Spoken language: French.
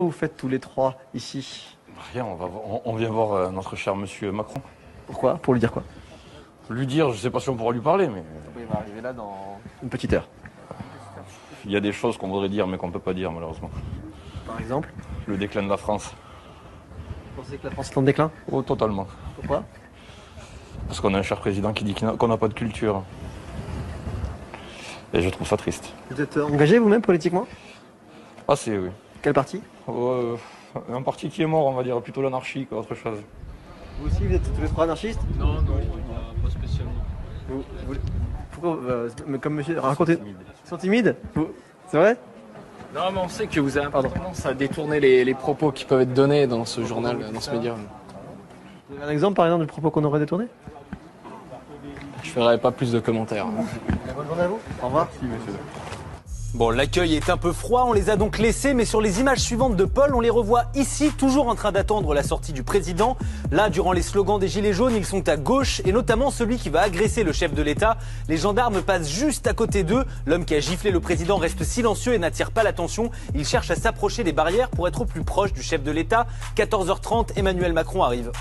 vous faites tous les trois ici Rien, on, va, vient voir euh, notre cher monsieur Macron. Pourquoi Pour lui dire quoi Lui dire, je ne sais pas si on pourra lui parler, mais euh, Il va arriver là dans, Une petite heure. il y a des choses qu'on voudrait dire mais qu'on ne peut pas dire malheureusement. par exemple. Le déclin de la France. Vous pensez que la France est en déclin Oh, totalement. Pourquoi Parce qu'on a un cher président qui dit qu'on n'a pas de culture. Et je trouve ça triste. Vous êtes euh, engagé vous-même politiquement Assez, oui parti euh, Un parti qui est mort, on va dire, plutôt l'anarchie autre chose. Vous aussi, vous êtes tous les trois anarchistes Non, non, pas, spécialement. Euh, comme monsieur, racontez. Ils sont timides, C'est vrai Non, mais on sait que vous avez Pardon. tendance à détourner les, propos qui peuvent être donnés dans ce journal, dans ce médium. un exemple, par exemple, du propos qu'on aurait détourné Je ferai pas plus de commentaires. Bonne à vous. Au revoir. monsieur. Bon, l'accueil est un peu froid, on les a donc laissés, mais sur les images suivantes de Paul, on les revoit ici, toujours en train d'attendre la sortie du président. Là, durant les slogans des Gilets jaunes, ils sont à gauche, et notamment celui qui va agresser le chef de l'État. Les gendarmes passent juste à côté d'eux. L'homme qui a giflé le président reste silencieux et n'attire pas l'attention. Il cherche à s'approcher des barrières pour être au plus proche du chef de l'État. 14h30, Emmanuel Macron arrive.